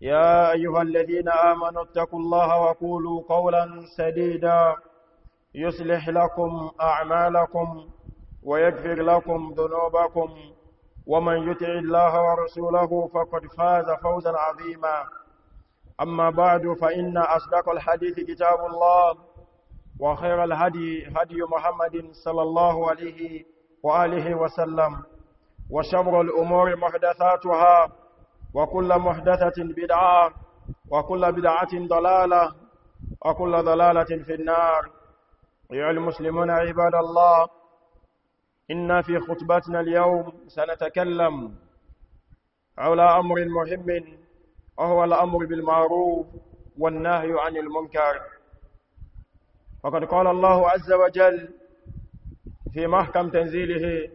يا أيها الذين آمنوا اتقوا الله وقولوا قولا سديدا يصلح لكم أعمالكم ويغفر لكم ذنوبكم ومن يطع الله ورسوله فقد فاز فوزا عظيما أما بعد فإن أصدق الحديث كتاب الله وخير الهدي هدي محمد صلى الله عليه وآله وسلم وشمر الأمور محدثاتها وكل محدثة بدعة وكل بدعة ضلالة وكل ضلالة في النار أيها المسلمون عباد الله إن في خطبتنا اليوم سنتكلم على أمر مهم وهو الأمر بالمعروف والنهي عن المنكر وقد قال الله عز وجل في محكم تنزيله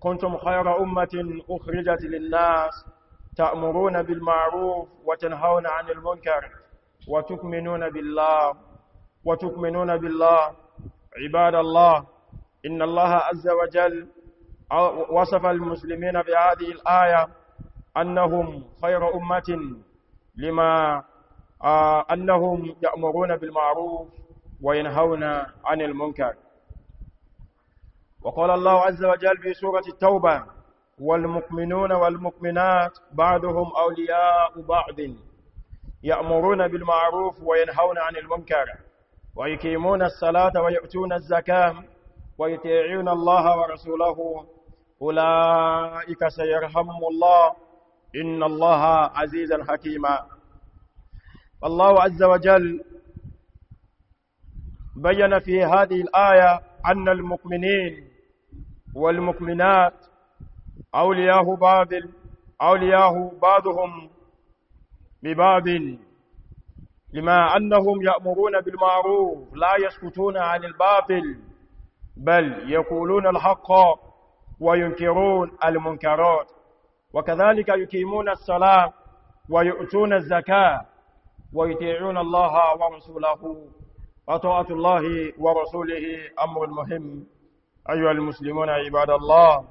كنتم خير أمة أخرجت للناس تأمرون بالمعروف وتنهون عن المنكر وتؤمنون بالله وتؤمنون بالله عباد الله إن الله عز وجل وصف المسلمين بهذه الآية أنهم خير أمة لما آه، أنهم يأمرون بالمعروف وينهون عن المنكر وقال الله عز وجل في سورة التوبة والمؤمنون والمؤمنات بعضهم أولياء بعض يأمرون بالمعروف وينهون عن المنكر ويقيمون الصلاة ويؤتون الزكاة ويطيعون الله ورسوله أولئك سيرحم الله إن الله عزيزا حكيما الله عز وجل بين في هذه الآية أن المؤمنين والمؤمنات أولياه بعض أولياه بعضهم ببعض لما أنهم يأمرون بالمعروف لا يسكتون عن الباطل بل يقولون الحق وينكرون المنكرات وكذلك يقيمون الصلاة ويؤتون الزكاة ويطيعون الله ورسوله وطاعة الله ورسوله أمر مهم أيها المسلمون عباد الله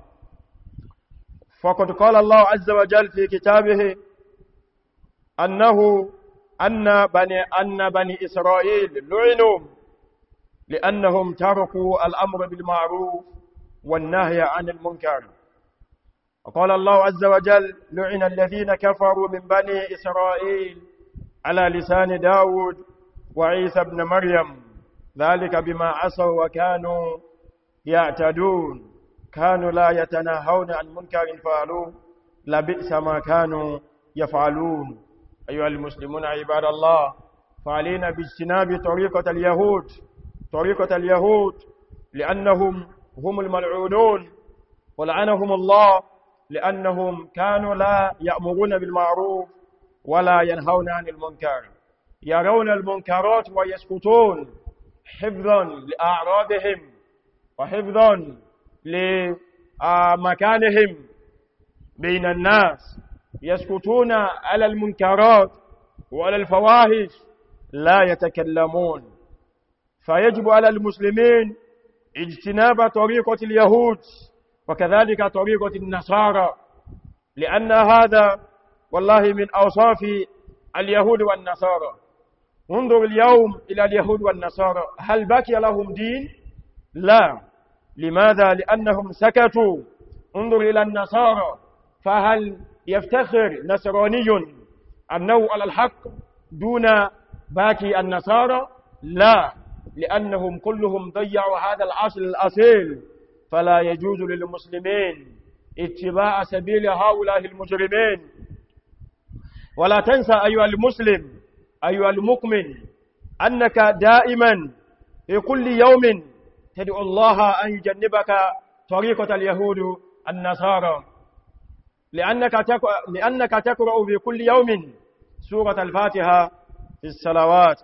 فقد قال الله عز وجل في كتابه أنه أن بني, أن بني إسرائيل لعنوا لأنهم تركوا الأمر بالمعروف والنهي عن المنكر وقال الله عز وجل لعن الذين كفروا من بني إسرائيل على لسان داود وعيسى بن مريم ذلك بما عصوا وكانوا يعتدون كانوا لا يتناهون عن منكر فعلوه لبئس ما كانوا يفعلون أيها المسلمون عباد الله فعلينا باجتناب طريقة اليهود طريقة اليهود لأنهم هم الملعونون ولعنهم الله لأنهم كانوا لا يأمرون بالمعروف ولا ينهون عن المنكر يرون المنكرات ويسكتون حفظا لأعراضهم وحفظا لمكانهم بين الناس يسكتون على المنكرات وعلى الفواحش لا يتكلمون فيجب على المسلمين اجتناب طريقة اليهود وكذلك طريقة النصارى لأن هذا والله من أوصاف اليهود والنصارى انظر اليوم إلى اليهود والنصارى هل بكي لهم دين؟ لا لماذا؟ لأنهم سكتوا انظر إلى النصارى فهل يفتخر نصراني أنه على الحق دون باقي النصارى؟ لا لأنهم كلهم ضيعوا هذا العصر الأصيل فلا يجوز للمسلمين اتباع سبيل هؤلاء المجرمين ولا تنسى أيها المسلم أيها المؤمن أنك دائما في كل يوم تدعو الله أن يجنبك طريقة اليهود النصارى لأنك لأنك تقرأ في كل يوم سورة الفاتحة في الصلوات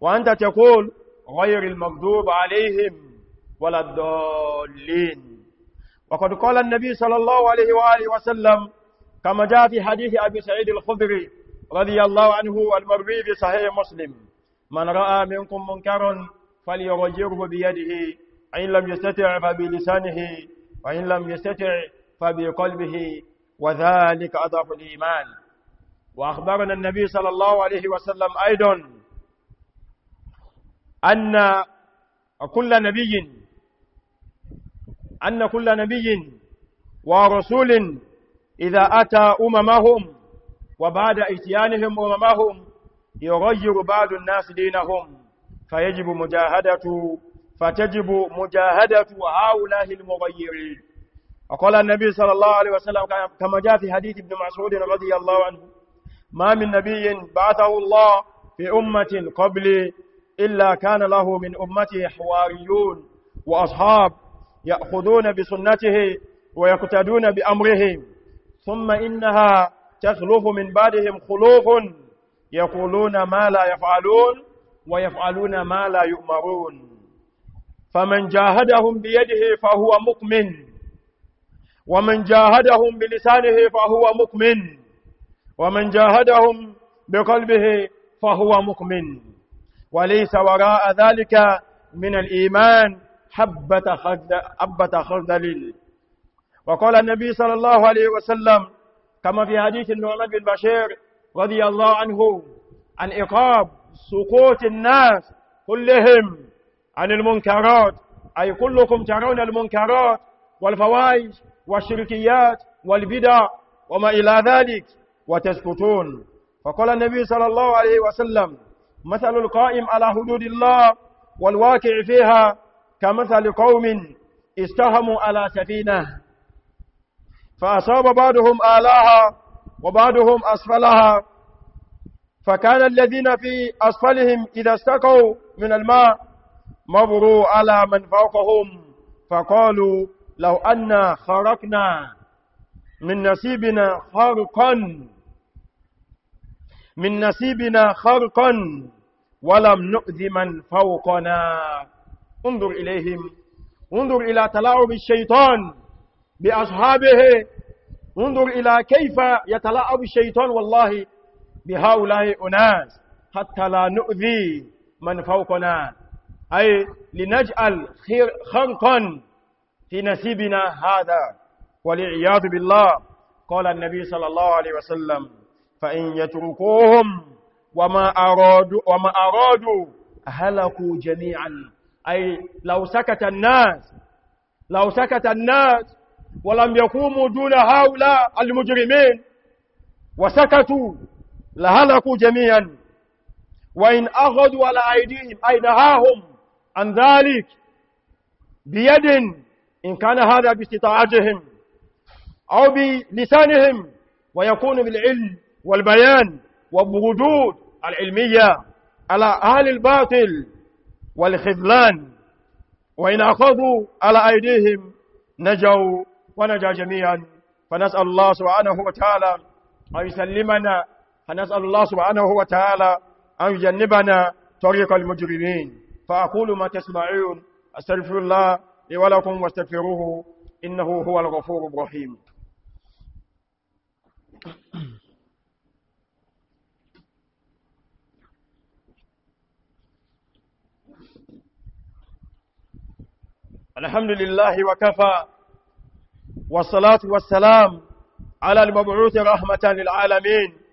وأنت تقول غير المغضوب عليهم ولا الضالين وقد قال النبي صلى الله عليه وآله وسلم كما جاء في حديث أبي سعيد الخضري رضي الله عنه المروي في صحيح مسلم من رأى منكم منكرا فليغيره بيده فإن لم يستطع فبلسانه وإن لم يستطع فبقلبه وذلك أضاف الإيمان وأخبرنا النبي صلى الله عليه وسلم أيضا أن كل نبي أن كل نبي ورسول إذا أتى أممهم وبعد اتيانهم أممهم يغير بعض الناس دينهم فيجب مجاهدة فتجب مجاهدة هؤلاء المغيرين وقال النبي صلى الله عليه وسلم كما جاء في حديث ابن مسعود رضي الله عنه ما من نبي بعثه الله في أمة قبلي إلا كان له من أمته حواريون وأصحاب يأخذون بسنته ويقتدون بأمرهم ثم إنها تخلف من بعدهم خلوف يقولون ما لا يفعلون ويفعلون ما لا يؤمرون فمن جاهدهم بيده فهو مؤمن ومن جاهدهم بلسانه فهو مؤمن ومن جاهدهم بقلبه فهو مؤمن وليس وراء ذلك من الإيمان حبة خردل, حبة خردل وقال النبي صلى الله عليه وسلم كما في حديث النعمان بن بشير رضي الله عنه عن إقاب سقوط الناس كلهم عن المنكرات أي كلكم ترون المنكرات والفوائد والشركيات والبدع وما إلى ذلك وتسكتون فقال النبي صلى الله عليه وسلم مثل القائم على حدود الله والواقع فيها كمثل قوم استهموا على سفينة فأصاب بعضهم آلاها وبعضهم أسفلها فكان الذين في أسفلهم إذا استقوا من الماء مبروا على من فوقهم فقالوا لو أن خرقنا من نصيبنا خرقا من نصيبنا خرقا ولم نؤذ من فوقنا انظر إليهم انظر إلى تلاعب الشيطان بأصحابه انظر إلى كيف يتلاعب الشيطان والله بهؤلاء أناس حتى لا نؤذي من فوقنا أي لنجعل خنقا في نسيبنا هذا ولعياذ بالله قال النبي صلى الله عليه وسلم فإن يتركوهم وما أرادوا, وما أرادوا هلكوا جميعا أي لو سكت الناس لو سكت الناس ولم يقوموا دون هؤلاء المجرمين وسكتوا لهلكوا جميعا وإن أخذوا على أيديهم أي نهاهم عن ذلك بيد إن كان هذا باستطاعتهم أو بلسانهم ويكون بالعلم والبيان وبوجود العلمية على أهل الباطل والخذلان وإن أخذوا على أيديهم نجوا ونجا جميعا فنسأل الله سبحانه وتعالى أن يسلمنا فنسأل الله سبحانه وتعالى أن يجنبنا طريق المجرمين فأقول ما تسمعون أستغفر الله لي ولكم واستغفروه إنه هو الغفور الرحيم الحمد لله وكفى والصلاة والسلام على المبعوث رحمة للعالمين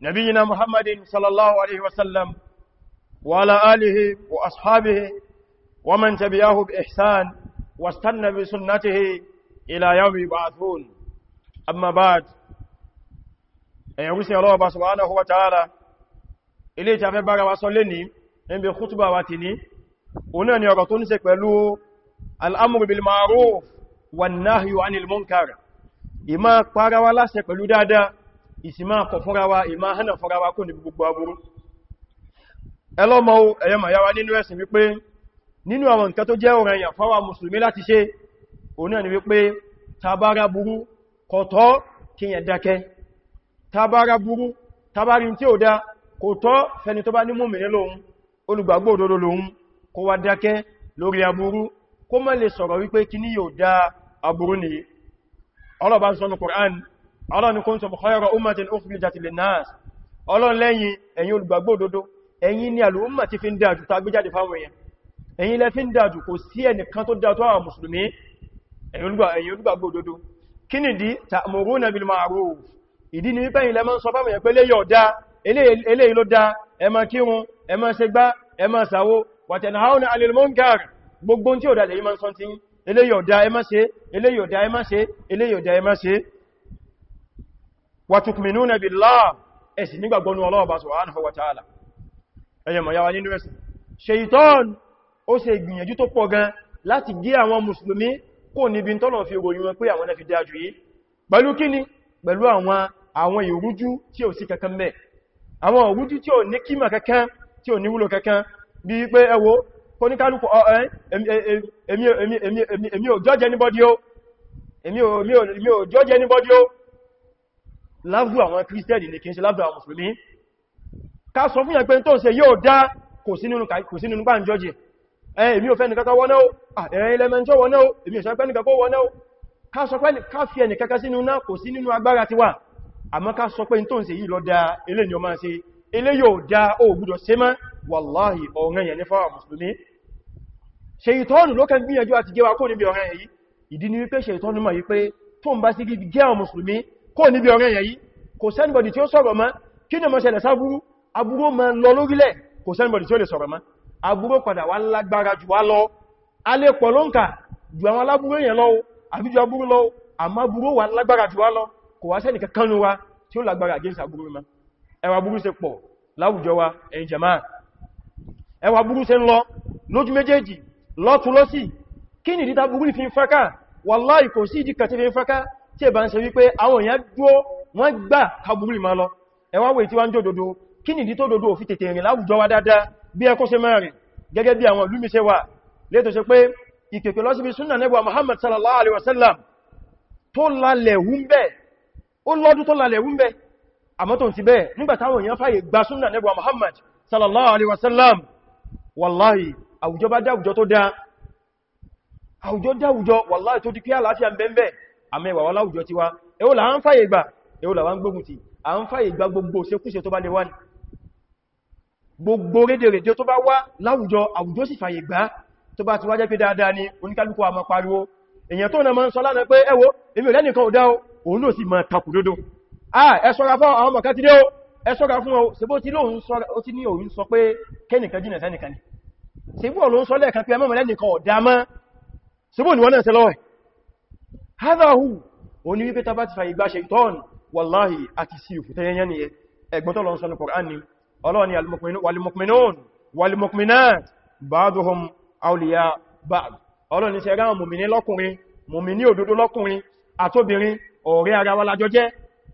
نبينا محمد صلى الله عليه وسلم وعلى آله وأصحابه ومن تبعه بإحسان واستنى بسنته إلى يوم يبعثون أما بعد أيوسي الله سبحانه وتعالى إلي تفبغ وصليني من بخطبة واتني ونن يغطون سكبلو الأمر بالمعروف والنهي عن المنكر إما قرى ولا سكبلو دادا دا ìsìmá kọ̀ fúnra wa ìmá hànà fúnra wa kò ní gbogbo aburú ẹlọ́mọ ẹ̀yẹmọ̀ yáwa nínú ẹ̀sìn wípé nínú àwọn nǹkan tó jẹ́ ọ̀rọ̀ ẹ̀yà fáwà mùsùlùmí láti ṣe òun náà wípé tabari tí ó dá kò tọ́ fẹni tó bá ní múmìnì lóhun olùgbàgbọ́ òdodo lóhun kó wá dákẹ́ lórí aburú kó má lè sọ̀rọ̀ wípé ọlọ́bá sọ́nù Qur'an ọlọ́ni kó ń sọ bọ̀kọ́yọ̀rọ̀ umatin ukhrijat linnas ọlọ́n lẹ́yìn ẹ̀yin olùgbàgbọ́ òdodo ẹ̀yin ni alùmọ̀ ti fi ń dájú ta gbé jáde fáwọn èèyàn ẹ̀yin lẹ fi ń dájú kò sí ẹnìkan tó dájú àwọn mùsùlùmí ẹ̀yin olùgbàgbọ́ òdodo kí ni dí ta'muruna bil ma'ruf ìdí ni wípé ilẹ̀ máa ń sọ fáwọn èèyàn pé lè yọ̀ dá eléyìí ló dá ẹ máa kírun ẹ máa ṣe gbá ẹ máa sàwó watanhauna 'anil gbogbo tí ò dá lẹ́yìn máa ń sọ tí eléyìí ò ṣe eléyìí ò ṣe eléyìí ò ṣe wàtùkmínúnà bí láà ẹ̀sì nígbàgbọ́nú ọlọ́ọ̀bá subhanahu wa ta'ala ẹyẹ mọ̀ yáwa nínú ẹ̀sì ṣeìtọ́n ó ṣe ìgbìyànjú tó pọ̀ gan láti gé àwọn mùsùlùmí kò níbi tọ́lọ̀ fi ogo yíwọn pé àwọn náà fi dájú yìí pẹ̀lú kíni pẹ̀lú àwọn àwọn ìrújú tí ò sí kankan mẹ́ àwọn ìrújú tí ò ní kíma kankan tí ò ní wúlò kankan bí i pé ẹwọ kóníkálùkù ọ̀ẹ́ èmi ò judge anybody o lábù àwọn kírísítẹ́nì ní kí n ṣe lábù àwọn mùsùlùmí ká sọ fún ẹgbẹ́ tó ń ṣe yóò dá kò sí nínú bá ń jọjì èmi ò fẹ́ nìkan wọ́n náà ẹ̀rẹ́ ilẹ̀mẹ́ntọ́ wọ́n náà èmi ò sọpẹ́ nìkan kó wọ́n náà ká sọ pé ká fi ẹnì kankan sínú náà kò sí nínú agbára tiwa àmọ́ ká sọ pé tó ń ṣe yìí lọ dá ilé ni ó máa ṣe ilé yóò dá ó gbúdọ̀ ṣe mọ́ wàláhì ọ̀rẹ́ yẹn ní fáwọn mùsùlùmí ṣe ìtọ́nù ló kàn gbìyànjú àti gẹ́wà kó níbi ọ̀rẹ́ yìí ìdí ni wípé ṣe ìtọ́nù mọ̀ wípé tó ń bá sí gẹ́ọ̀ mùsùlùmí kó níbi ọ̀rẹ́ yẹ̀yí kò sẹ́nbọ̀dì tí ó sọ̀rọ̀ mọ́ kí ní mọ́ ṣẹlẹ̀ sáburú aburú ma ń lọ lórílẹ̀ kò sẹ́nbọ̀dì tí ó lè sọ̀rọ̀ mọ́ aburú padà wá lágbára jù wá lọ alẹ́ pọ̀ ló ń kà ju àwọn aláburú yẹn lọ àbí ju aburú lọ àmọ́ aburú wá lágbára jù wá lọ kò wá sẹ́nì kankan nu wa tí ó lágbára against aburú mọ́ ẹwà aburú ṣe pọ̀ láwùjọ wa ẹ̀yìn jẹ̀má ẹwà aburú ṣe ń lọ lójú méjèèjì lọ́tún lọ́sì kí nìdí tá burú fi ń fẹ́ká wàláì kò sí ìdí kan fẹ́ká tí ẹ̀bá ń ṣe wípé àwọn èèyàn dúó wọ́n gbà kàbúrì máa lọ ẹwà wèé tí wá ń jò dòdó kí nìdí tó dòdó fi tètè rìn láwùjọ wa dáadáa bí ẹkọ́ ṣe máa gẹ́gẹ́ bí àwọn ìlú wà létò ṣe pé ìpèpè lọ Muhammad sallallahu alaihi wasallam tó lalẹ̀ wúmbẹ̀ ó lọ́dún tó lalẹ̀ wúmbẹ̀ àmọ́ tó ti bẹ́ẹ̀ nígbà táwọn èèyàn Muhammad sallallahu alaihi wasallam wallahi àwùjọ bá dáwùjọ tó dá àwùjọ dáwùjọ wallahi tó di kí àlàáfíà ń bẹ́ẹ̀ àmẹ́wà wà láwùjọ tiwa èwo là ń fàyè gbà èwo là wá ń gbógun ti à ń fàyè gbà gbogbo ṣekúṣe tó bá lè wá ní gbogbo rédèrèdè tó bá wá láwùjọ àwùjọ sì fàyè gbà tó bá ti wá jẹ́ pé dáadáa ni oníkálukú àmọ́ pariwo èyàn tó na mọ́ ń sọ lánàá pé ẹwọ èmi lẹ́nìkan ò o òun ló sì máa takù dódó ah ẹ ṣọ́ra fún àwọn mọ̀ká ti ni ṣebó ló ń ni wọ́n náà هذا هو oni wípé tá bá ti fàyè gba ṣeitọ́n wàláhì àti sí òfin tẹ́yẹnyẹ́ ni ẹgbọ́n tó lọ sọ ní Kùránì ọlọ́ni alìmọ̀kùnmínún wàlìmọ̀kùnmínát ba'duhum awliya ba'd ọlọ́ni ṣe ráwọn mùmìní lọ́kùnrin mùmìní òdodo lọ́kùnrin àtóbìnrin ọ̀rẹ́ ara wa lájọ jẹ́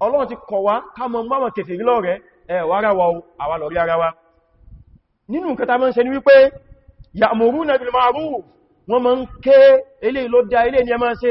ọlọ́run ti kọ̀ wá kámọ máwọn kèfèrí lọ́rẹ́ ẹ̀wà ara wa àwà lọ̀rí ara wa nínú nǹkan tá mọ́ ń ṣe ní wọ́n mọ́ ń ké eléyìí ló dá eléyìí ni ẹ máa ṣe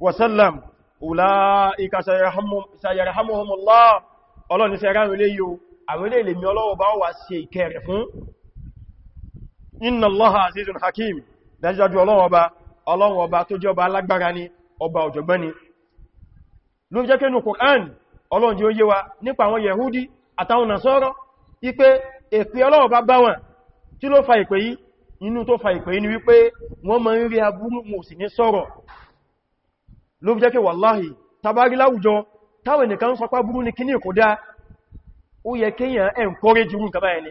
wasallam ulaika sayarhamuhumullah ọlọ́run ní sẹ́rán ilé yíò àwọn ilé ìlèmí ọlọ́wọ́ bá wà ìkẹrẹ fún hakim dájúdájú ọlọ́run ọba tó jẹ́ ọba ni ọba ọ̀jọ̀gbọ́n ni ló jẹ́ kẹ́nu Qur'an ọlọ́run jẹ́ ó yé wa nípa àwọn yẹ̀húdí àtàwọn nàṣọ́rọ̀ ipé èpè ọlọ́run bá bá wọn tí ló fa ìpè inú tó fa ìpè ni ló fi jẹ́ pé wàláhì tàbárí láwùjọ táwọn ènìyàn ń sọ pá burú ní kíní kò dá ó yẹ kíyàn encourage rú kàbá ẹni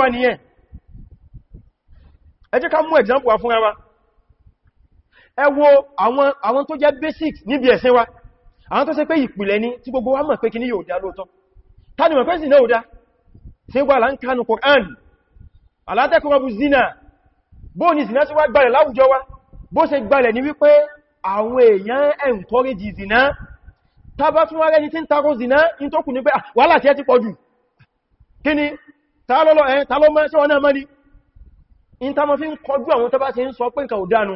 wa nìyẹn ẹ jẹ́ ká mú example wa fúnra wa ẹ wo àwọn tó jẹ́ basics níbi ẹ̀sìn wa àwọn tó ṣe pé ìpìlẹ̀ ni tí gbogbo wa mọ̀ pé kíní yóò dá lóòtọ́ tani mọ̀ pé sí ni ti wa bó n gbalẹ̀ ni àwọn èèyàn encourage zina tàbá tún wá rẹni tí ń takò zina in tó kù ní pé ah, wàhálà tí ẹ ti pọ̀ jù kí ni tààlọ́lọ́ ẹ̀ tààlọ́ mọ́ sí wọn náà mọ́ni in ta ma fi ń kọjú àwọn tàbá ti ń sọ pé nǹkan òdánu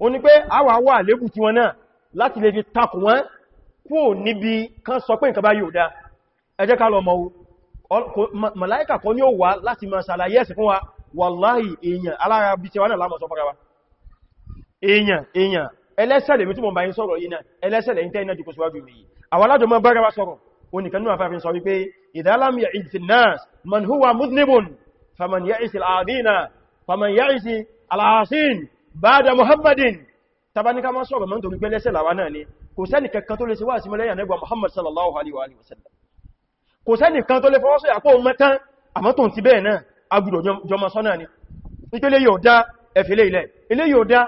o ní pé àwà wà lébù tí wọn náà láti lè fi takò wọn kúò níbi kan sọ pé nǹkan èèyàn èèyàn ẹlẹ́ṣẹ̀ lèmi tí mo bá yín sọ̀rọ̀ yìí náà ẹlẹ́ṣẹ̀ lẹ́yìn tẹ́yìn náà jùkú síwájú mi àwọn alájọ mọ́ bára wá sọ̀rọ̀ oníkan náà fàfin sọ wípé ìdálàmì ìdìnnàs al'adina faman ya'isi al'asin ba'da muhammadin tabanika ma sọ̀rọ̀ mọ́ nítorí pé ẹlẹ́ṣẹ̀ làwa náà ni kò sẹ́ni muhammad sallallahu alaihi wa sallam kò sẹ́ni kan tó lè fọwọ́ sọ yàpọ̀ mẹ́tán àmọ́ tó ń ti bẹ́ẹ̀ náà agbùdọ̀ jọmọ sọ́nà ni nítorí ilé yóò dá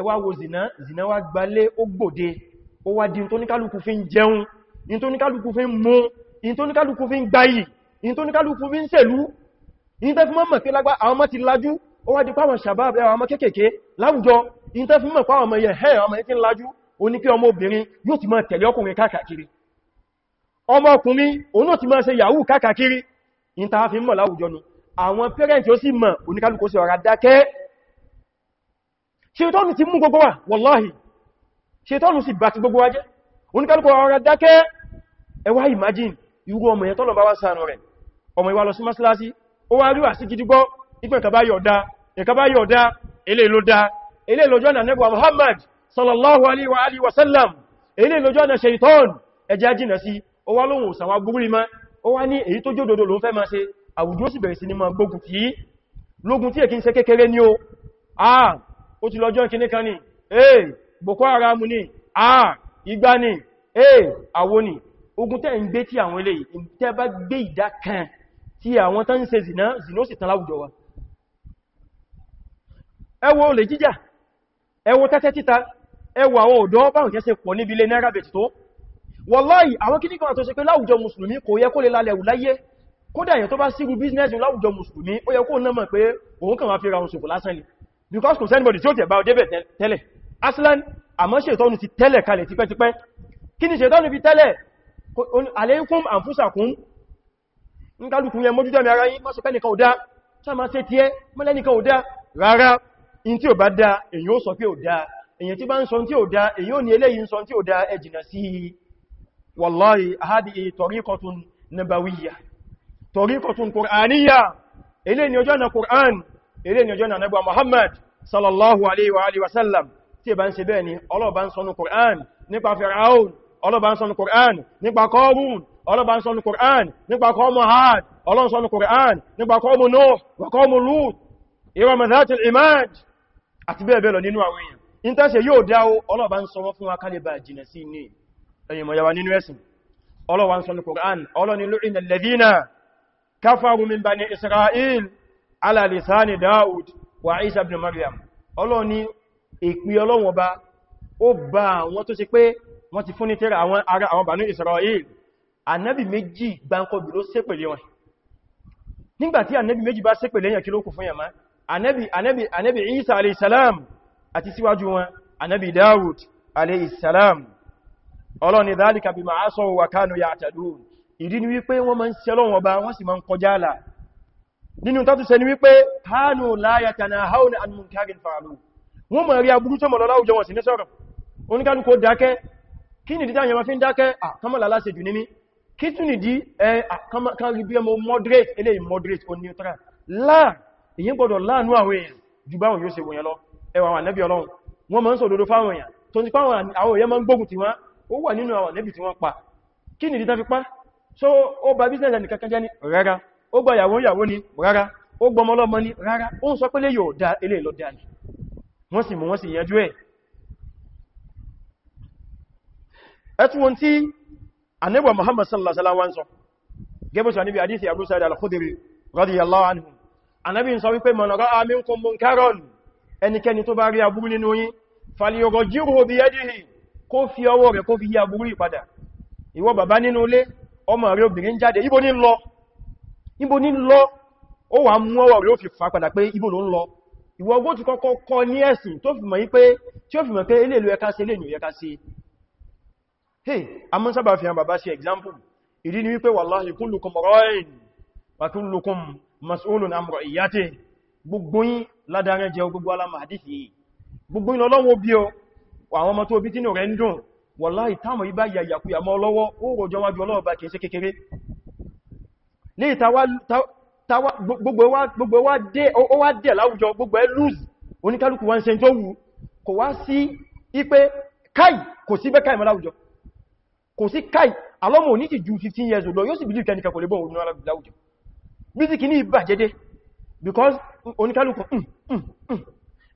ẹwà wo zìná zìná wá gbalé ó gbòde ó wá di tó níkálùkù fi ń jẹun in tó níkálùkù fi ń mú in tó níkálùkù fi ń gbayì in tó níkálùkù fi ń sẹ̀lú in tẹ́ fi mọ́ mọ̀ pé lágbá àwọn ọmọ ti lájú ó wá di pàwọn sàbáàbù àwọn ọmọ kéèkèé láwùjọ in tẹ́ fi mọ̀ pàwọn ọmọ yẹn hẹ́ ọmọ yẹn ti lájú ó ní pé ọmọ obìnrin yóò ti máa tẹ̀lé ọkùnrin káàkiri ọmọ ọkùnrin òun náà ti máa ṣe yahoo káàkiri in ta fi mọ̀ láwùjọ nu àwọn pẹ́rẹ́ntì ó sì mọ̀ oníkálùkù sí ṣetọ́nù ti mú gbogbo wa wọláhì ṣetọ́nù sì bá ti gbogbo wa jẹ́ oníkálùkù ọ̀rọ̀ dákẹ́ ẹ wá imagine irú ọmọ yẹn tọ́lọ̀ bá wá sàánù rẹ̀ ọmọ ìwà lọ sí mọ́sílásí ó wá rí wà sí gidigbọ́ ipẹ́ ìkàbá yọ̀dá ìkàbá yọ̀dá ilé ló dá ilé lójú ọ̀nà nẹ́gbà Muhammad sallallahu alaihi wa alihi wasallam ilé lójú ọ̀nà shaitan ẹjá jìnà sí ó wá tí èkí ń ṣe kékeré ní o ah ó ti lọ́jọ́ kìíní kan ní eh Boko Haram ní ah igbá ní eh àwo ní ogun tẹ́ ń gbé tí àwọn eléyìí tẹ́ bá gbé ìdá kan tí àwọn tán ń ṣe zìnà zìnà ó sì tán láwùjọ wa ẹ wo olè jíjà ẹ wo tẹ́tẹ́ títa ẹ wo àwọn ọ̀dọ́ báwọn jẹ́ ṣe pọ̀ níbi ilé náírà bẹ̀tì tó wọ́láì àwọn kíní kan tó kódà èèyàn tó bá sírù bíznẹ́sì láwùjọ mùsùlùmí ó yẹ kó náà mọ̀ pé òun kàn wá fi ra òun lásán ni because kò sẹ́nibọ̀dì tí ó tẹ̀ bá ọ débẹ̀ tẹ́lẹ̀ aslan àmọ́ ṣètọ́nù ti tẹ́lẹ̀ kalẹ̀ tipẹ́tipẹ́ kí ni ṣètọ́nù fi tẹ́lẹ̀ alaykum anfusakum ń kálùkùn yẹn mójútẹ́mì ara yí máa sọpẹ́ nìkan ò dá sáàmà ṣe tí ẹ mọ́lẹ́nìkan ò dá rárá in tí ò bá dá èyàn ó sọ pé ò dá èyàn tí bá ń sọ tí ò dá èyàn ọjọ́ na qur'an eré ni ọjọ́ náà nẹ́gbà Muhammad sallallahu alaihi wa alihi wasallam tí bá ń ṣe bẹ́ẹ̀ ni ọlọ́bá ń sọnù Qur'an nípa Fir'aun ọlọ́bá ń sọnù Qur'an nípa Qarun ọlọ́bá ń sọnù Qur'an nípa qawmu Had ọlọ́n sọnù Qur'an nípa qawmu Nuh wa qawmu Lut ìrọmọ̀ zatil imad àti bẹ́ẹ̀ bẹ́ẹ̀ lọ nínú àwọn èèyàn in tàṣe yóò dáwó ọlọ́bá ń sọwọ́ fún wa kálẹ̀bà jìnà sí ní ẹ̀yìn mọ̀yàwà nínú ẹ̀sìn ọlọ́wà ń sọ ní Qur'an ọlọ́ni lu'ina alladhina kafaru min bani Isra'il ala lisani Daud wa Isa ibn Maryam Ọlọ́run ní èpè Ọlọ́run ọba ó bá àwọn tó ṣe pé wọ́n ti fún ní tẹ́rà àwọn ará àwọn Banu Israel ànábì méjì gbáǹkọ̀bì ló ṣépèlé wọn nígbàtí ànábì méjì bá ṣépèlé yàn kí ló kù fún yàmá ànábì Isa alayhisalam àti síwájú wọn ànábì Daud alayhisalam Ọlọ́run dhalika bima asaw wa kanu ya'tadun ìdí ni wípé wọ́n máa ń ṣẹlọ́wọ́n ọba wọ́n sì máa ń kọjá àlà nínú tàbí sẹni wípé kánù láyàtà na haúnà an munkarin fa'alu wọ́n mọ̀ rí aburú tó mọ̀lọ́lá òjò wọn sí ní sọ́rọ̀ oníkálùkò dákẹ́ kí nìdí dáyẹ̀ ma fi ń dákẹ́ àkọmọ̀lá láṣẹ jù níní kí tún nìdí àkọmọ̀kárí bí ẹmọ moderate eléyìí moderate o neutral láà èyí gbọdọ̀ láàánú àwọn èèyàn jù báwọn yóò ṣe wòyàn lọ ẹwà àwọn ànẹ́bí ọlọ́run wọ́n ma ń sọ òdodo fáwọn èèyàn so ó ba business ẹnìkankan jẹ́ ní ó gba ìyàwó ìyàwó ni rárá ó gbọmọ ọlọ́mọ ni rárá ó ń sọ pé lè yóò dá ilé lọ dá ní wọ́n sì mú wọ́n sì yanjú ẹ̀ ẹtùwọ̀n tí anẹ́bọ̀ Muhammad sallallahu alaihi wasallam sọ gẹ́bùsù àníbi àdísì Abu Sa'id al-Khudri anhu Ànábì ń sọ wípé man ra'a minkum munkaran ẹnikẹ́ni tó bá rí aburú nínú yín falyughayyirhu biyadihi kó fi ọwọ́ rẹ̀ kó fi yí aburú yìí obìnrin jáde ibo ní lọ níbo ní lọ ó wà mú ọwọ́ rẹ̀ ó fi fà padà pé ibo ló ń lọ ìwọ ogó ti kọ́kọ́ kọ ní ẹ̀sìn tó fi mọ̀ yí pé tí ó fi mọ̀ pé ilé ìlú ẹka sí ilé ìlú ẹka sí hey a mọ́ sábà fi hàn bàbá sí example ìdí ni wípé wallahi wa kullukum mas'ulun amro iyate gbogbo yín ládàrẹ jẹ gbogbo alamọ̀ o àwọn ọmọ tó bí ní gbogbo wá dé láwùjọ gbogbo ẹ lùzì oníkálùkù wá ń ṣe tó wù kò wá sí ipé káì kò sí bẹ́káì mọ́ láwùjọ kò sí káì alọ́mọ̀ ní ti ju 15 years old yóò sì believe kẹ́ni kẹ́kọ̀ọ́ lè bọ́ òun láwùjọ bí sí kì ní ìbà jẹ́dẹ́ because oníkálùkù mm, mm, mm.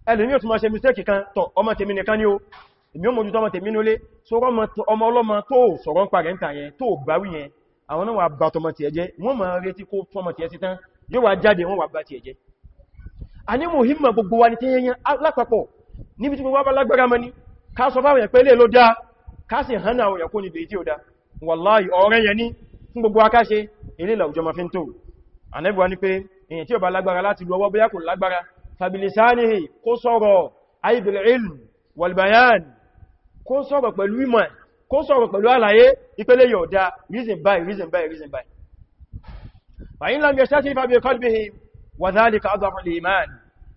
ẹlẹ́ni yóò tún máa ṣe mistake kan tọ ọmọ tèmi nìkan ni ó èmi ó mojú tọmọ tèmi nílé sọ́rọ̀ ọmọ ọlọ́mọ tó sọ̀rọ̀ ń parẹ́ ń àwọn náà wà bá tọmọ tí ẹ jẹ́ wọ́n máa retí kó fọmọ tí ẹ sí tán yóò wà jáde wọ́n wà bá tí ẹ a ní mọ̀hímà gbogbo wa ní tẹ́yẹn lápapọ̀ níbi tí gbogbo wa lágbára mọ́ ní ká sọ fáwọn ẹ̀pẹ́ lè ló dá ká sì hàn àwọn ẹ̀kọ́ níbi tí ó dá wàláì ọ̀rẹ́ yẹn ní fún gbogbo wa káṣe ilé ìlàwùjọ ma fi ń tó ànẹ́bù wa ní pé èyàn tí ó bá lágbára láti lu ọwọ́ bóyá kò lágbára fabilisanihi kó kó sọ̀rọ̀ pẹ̀lú àlàyé ìpele yọ̀dá reason by reason by reason by fàyín lámì ẹ̀ṣẹ́ tí ìfàbí ẹ̀kọ́ bí i wà záàlì ká ọdún àmàlì ìmáàn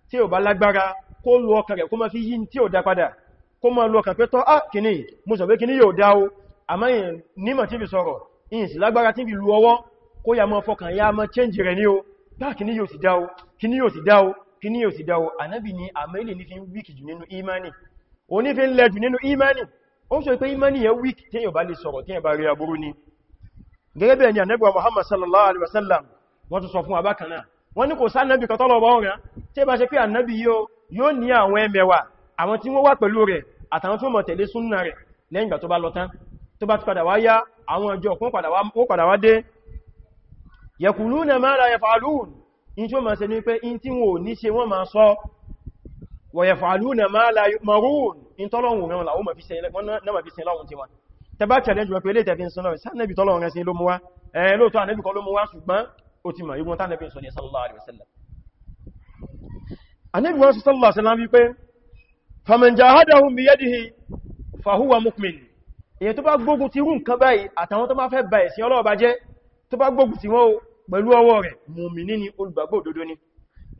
tí ò bá lágbára kó lù ọkàn rẹ̀ kó ma fi yí tí ò dá padà kó ma lù ọkàn pé tọ́ á ah, kìíní mo sọ pé kìíní yóò dá o àmá nímọ̀ tí fi sọ̀rọ̀ ìyìn sí lágbára tí fi lù ọwọ́ kó ya mọ́ fọkàn ya mọ́ change rẹ̀ ní o bá kìíní yóò sì dá o kìíní yóò sì dá o kìíní yóò sì dá o ànábì ni àmẹ́lì ní fi ń wíkì jù nínú ìmáni onífi ń lẹ nínú ìmáni ó sọ pé imani yẹn wík tí yẹn bá lè sọ̀rọ̀ tí yẹn bá rí aburú ni gẹ́gẹ́ bẹ̀ẹ̀ ni anẹ́gbà Muhammad sallallahu alaihi wasallam wọ́n tún sọ fún abákaná wọ́n ní kò sá annabi kan tọ́lọ̀ bọ́ ọ̀rán tí bá ṣe pé annabi yóò ní àwọn ẹmẹ̀wà àwọn tí wọ́n wà pẹ̀lú rẹ̀ àtàwọn tó mọ̀ tẹ̀lé súnnà rẹ̀ lẹ́yìn ìgbà tó bá lọ tán tó bá ti padà wá yá àwọn ọjọ́ kún padà wá dé yaquluna ma la yaf'alun in tí ó máa wọ̀yẹ̀fàlúnà máa la marun in tọ́lọ̀wọ̀n wọn láwọ́ ma fi sẹ́yìn láwọn tí wọn tẹbá challenge wọn pé ilé tẹfin sọ́lọ̀ sánẹ́bì tọ́lọ̀wọ̀n rẹ̀ sí ló mú wá ẹ̀ lóòtọ́ ànẹ́bì kọ́ ló mú wá ṣùgbọ́n ó ti mọ̀ igun tánẹ́bì sọ ní sallallahu alaihi wasallam ànẹ́bì wọ́n sọ sallallahu alaihi wasallam wípé faman jahadahum bi yadihi fahuwa mu'min èyí tó bá gbógun ti rú nǹkan báyìí àtàwọn tó bá fẹ́ bá ẹ̀sìn Ọlọ́run jẹ́ tó bá gbógun ti wọ́n pẹ̀lú ọwọ́ rẹ̀ mùmìnì ni olùgbàgbọ́ òdodo ni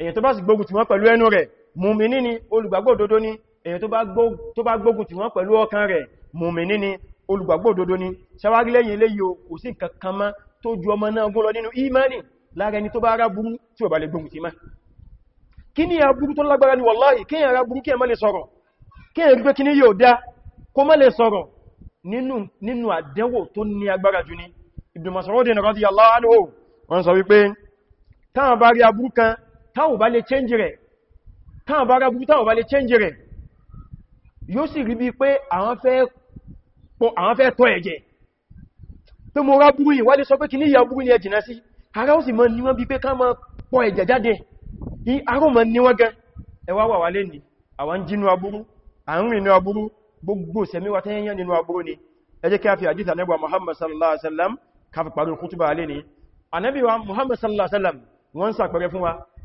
èyí tó bá sì gbógun ti wọ́n pẹ̀lú ẹnu rẹ̀ mùmìnì ni olùgbàgbọ́ òdodo ni èyí tó bá gbógun tì wọ́n pẹ̀lú ọkàn rẹ̀ mùmìnì ni olùgbàgbọ́ òdodo ni ṣàwárí lẹ́yìn eléyìí kò sí nǹkan kan mọ́ tó ju ọmọ náà gún lọ nínú ìmánì lára ẹni tó bá rá burú tí ò bá lè gbógun tì má kí ni aburú ni wàláhì kí ẹ̀rá burú ni yóò dá kó má lè sọ̀rọ̀ nínú àdẹ́wò tó ní agbára jù ní Ibn Mas'ud radiyallahu anhu táwọn bá rí aburú kan táwọn bá lè change rẹ̀ táwọn bá rábúrú táwọn bá lè change rẹ̀ yóò sì rí bí pé àwọn fẹ́ tọ́ ẹ̀jẹ̀ tó mọ́ rábúrú yìí wá lè sọ pé kí ní ìyà búrú ní ẹjìnà sí ara ó sì mọ́ níwọ́n bí pé ká mọ́ pọ̀ ẹ̀jẹ̀ jáde aró mọ́ níwọ́n gan ẹwà wà wà lè ní àwọn jínú aburú àwọn ìnú aburú gbogbo sẹ̀míwà tẹ́yẹn nínú aburú ni ẹ jẹ́ kí a fi àdíta nẹ́bà Muhammad sallallahu alaihi wasallam ká fi parí kútùbà lè ní Ànábì wa Muhammad sallallahu alaihi wasallam wọ́n sàpẹrẹ fún wa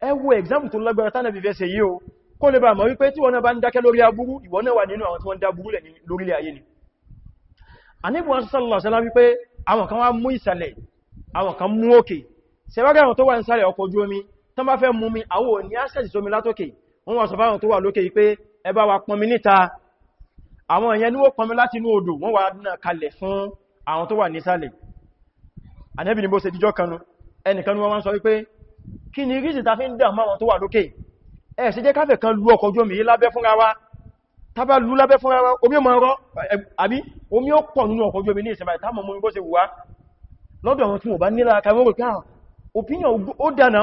ẹ wo example tó lágbára tánà bí fẹ́sẹ̀ yíò kó lè bá mọ̀ wípé tí wọ́n náà bá ń dákẹ́ lórí aburú ìwọ náà wà nínú àwọn tí wọ́n dá burú lẹ̀ lórílẹ̀ ayé ni anígbọn sọ́lọ̀sọ́lá wípé àwọn kan wá mú ìsàlẹ̀ àwọn kan mú òkè sẹ́wágá àwọn tó wà nísàlẹ̀ ọkọ̀ ojú omi tán bá fẹ́ mú mi àwọn òní àṣẹ́sì wọ́n wọ́n sọ wa pọnmi níta àwọn se díjọ́ kanu ẹnìkan wọ́n wọ́n sọ wípé kí ni rísì ta fi ń dàmà wọn tó wà lókè ẹ̀ sí jẹ́ káfẹ̀ kan lú ọkọ̀ ojú omi lábẹ́ fúnra wa tàbá lú lábẹ́ fúnra wa omi ọmọ ọrọ̀ àbí omi ó pọ̀ nínú ọkọ̀ ojú omi ní ìsẹ̀bà ìtàmọ̀ mú bó ṣe wùwá lọ́dọ̀ àwọn tí wọ́n bá nílá kàmọ́rò pé ah, opinion ó dànà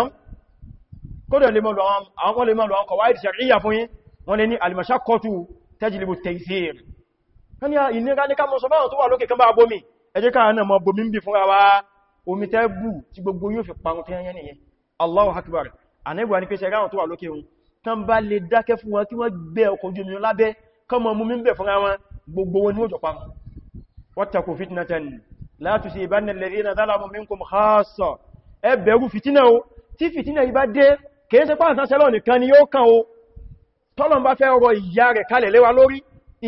kódọ̀ lè mọ́lọ àwọn lè mọ́lọ ọkọ̀ wáyé ṣàríyà fún yín wọ́n lè ní alìmọ̀ṣàkọ́tù tẹ́jìlìbò tẹ̀síìr kan ya ìnira ní ká mọ́ sọ báwọn tó wà lókè kan bá bomi ẹjẹ́ káà náà mọ́ bomi ń bí fúnra wa omi tẹ́gbù tí gbogbo yóò fi parun tí yẹn yẹn nìyẹn Allahu akbar anẹ́gbà ní pé ṣe ráwọn tó wà lókè hun tán bá lè dákẹ́ fún wọn kí wọ́n gbé ọkọ̀ ojú omi lábẹ́ kọmọ mú mímbẹ̀ fún wọn gbogbo wọn ni ó jọpa wattaqu fitnatan la tusibanna alladhina zalamu minkum khassa ẹ bẹ̀rù fitina o tí fitina yìí bá dé kìí ṣe pàtàkì sẹ́lọ̀ nìkan ni yóò kàn o tọ́lọ̀ bá fẹ́ rọ ìyà rẹ̀ kalẹ̀ léwa lórí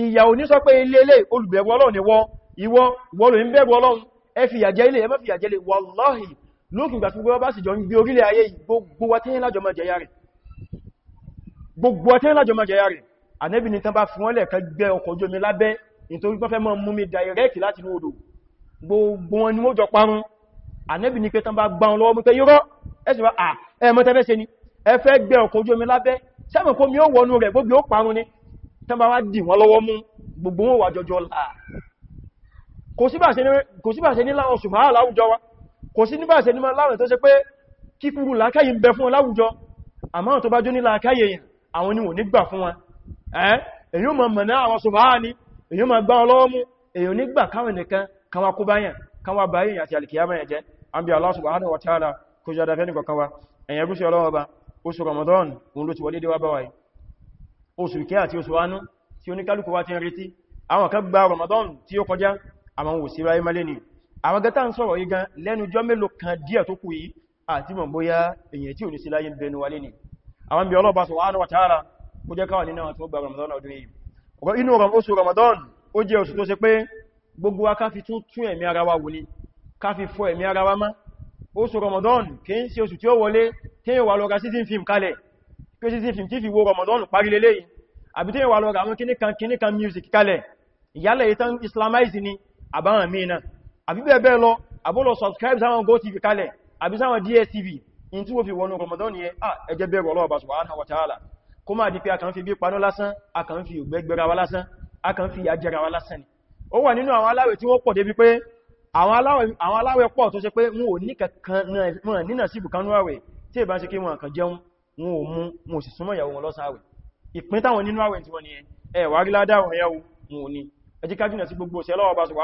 ìyà ò ní sọ pé ilé ilé olùbẹ̀rù Ọlọ́run ni wọ ìwọ ìwọ lò ń bẹ̀rù Ọlọ́run ẹ fìyà jẹ ilé ẹ má fìyà jẹ ilé wallahi lókùn gbà tí gbogbo bá sì jọ ń gbé orílẹ̀ ayé gbogbo wọ́tẹ́yìn lájọ máa jẹyà rẹ̀ gbogbo wọ́tẹ́yìn lájọ máa jẹyà rẹ̀ ànẹ́bì ní tán bá fún ọlẹ̀ kan gbẹ́ ọkọ̀ ojú omi lábẹ́ nítorí pé fẹ́ mọ́ mú mi dàírẹ́kì láti inú odò gbogbo wọn ni wọ́n jọ parun ànẹ́bì ní pé tán bá gbá wọn lọ́wọ́ mú pé yírọ́ ẹ̀sìn bá ẹ mọ́ tẹ́fẹ́ ṣe ni ẹ fẹ́ gbẹ́ kó mi bá wá ní láwọn ṣùgbọ́n àláwùjọ wa kò sí níbà ṣe ní máa láwọn tó ṣe pé kíkúrú làákàyè ń bẹ fún wọn láwùjọ àmọ́ tó bá jó ní làákàyè yẹn àwọn ni wọ́n ní gbà fún wọn èyàn ma mọ̀ náà àwọn sọfà ní èyàn ma gbá ọlọ́wọ́ mú èyàn ní gbà káwọn nìkan kanwa kó wa ta'ala kó jẹ́ adáfẹ́ nìkan kanwa ẹ̀yàn rúsí ọlọ́wọ́ bá oṣù Ramadan òun ló ti àwọn kan gba Ramadan tí ó kọjá àmọ́ wò sí àwọn gẹta ń sọ̀rọ̀ igan lẹ́nu jọ mélòó kan díẹ̀ tó kù yìí àti mọ̀ bóyá èyàn tí ò ní sí láyé bẹnu wa lẹ́ni àwọn bí ọlọ́ba subhanahu wa ta'ala ó jẹ́ káwà nínú Ramadan ọdún yìí ọ̀rọ̀ wa káfi tún tún ẹ̀mí ara wa wùlé káfi Ramadan kì í ṣe oṣù tí ó wọlé kí Ramadan parí lélẹ́yìn àbí tí wà lọ ra àwọn kíníkan music kalẹ̀ ìyálẹ̀ ìtàn islamize ni àbáhàn mìíràn àbí bẹ́ẹ̀ bẹ́ẹ̀ lọ àbọ́lọ̀ subscribe sáwọn GoTV kalẹ̀ àbí sáwọn DSTV in tí wọ́n fi wọnú Ramadan yẹn à ẹjẹ́ bẹ̀rọ ọlọ́ọ̀bá subhanahu wa ta'ala kó máa di pé a kàn fi bí panú lásán a kàn fi ògbẹ́gbẹ́ra wa lásán a kàn fi àjẹra wa lásán ni ó wà nínú àwọn aláwẹ̀ tí wọ́n pọ̀ débi pé àwọn aláwẹ̀ pọ̀ tó ṣe pé wọn ò ní kankan nínà sí bùkánú àwẹ̀ tí ìbá ṣe kí wọn kàn jẹun wọn ò mú wọn ò sì súnmọ́ ìyàwó wọn lọ́sàn àwẹ̀ ìpín táwọn nínú àwẹ̀ tí wọ́n ni ẹ̀ wà rí ládá wọn yàwó wọn ò ní ẹjíkájú náà sí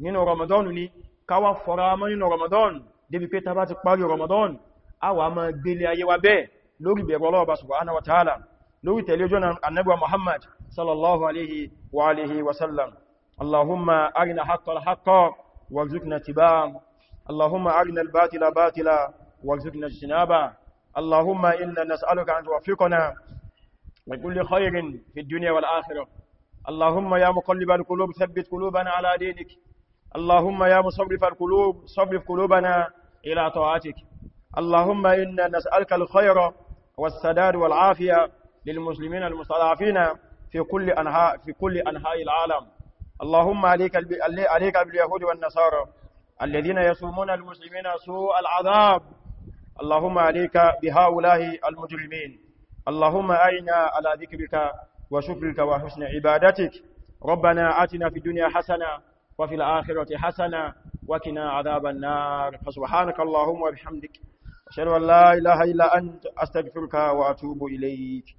nínú ramadan ni káwà fọ́ra mọ́ nínú ramadan débi pé ta ti parí ramadan a wà máa gbélé ayé wa bẹ́ẹ̀ lórí bẹ̀rọ ọlọ́ọ̀bá sùgbọ́n wa ta'ala lórí tẹ̀lé jọ́nà annabuwa muhammad sallallahu alaihi wa alihi wasallam allahumma arina haqqal haqqa warzuqna tibaa allahumma arina albatila batila warzuqna jinaba allahumma inna nas'aluka an tuwaffiqana wa kulli khairin fi dunya wal akhirah اللهم يا مقلب القلوب ثبت قلوبنا على دينك اللهم يا مصرف القلوب صرف قلوبنا إلى طاعتك اللهم إنا نسألك الخير والسداد والعافية للمسلمين المستضعفين في كل أنحاء في كل أنحاء العالم اللهم عليك عليك باليهود والنصارى الذين يصومون المسلمين سوء العذاب اللهم عليك بهؤلاء المجرمين اللهم أعنا على ذكرك وشكرك وحسن عبادتك ربنا آتنا في الدنيا حسنه وفي الآخرة حسنة وكنا عذاب النار فسبحانك اللهم وبحمدك أشهد أن لا إله إلا أنت أستغفرك وأتوب إليك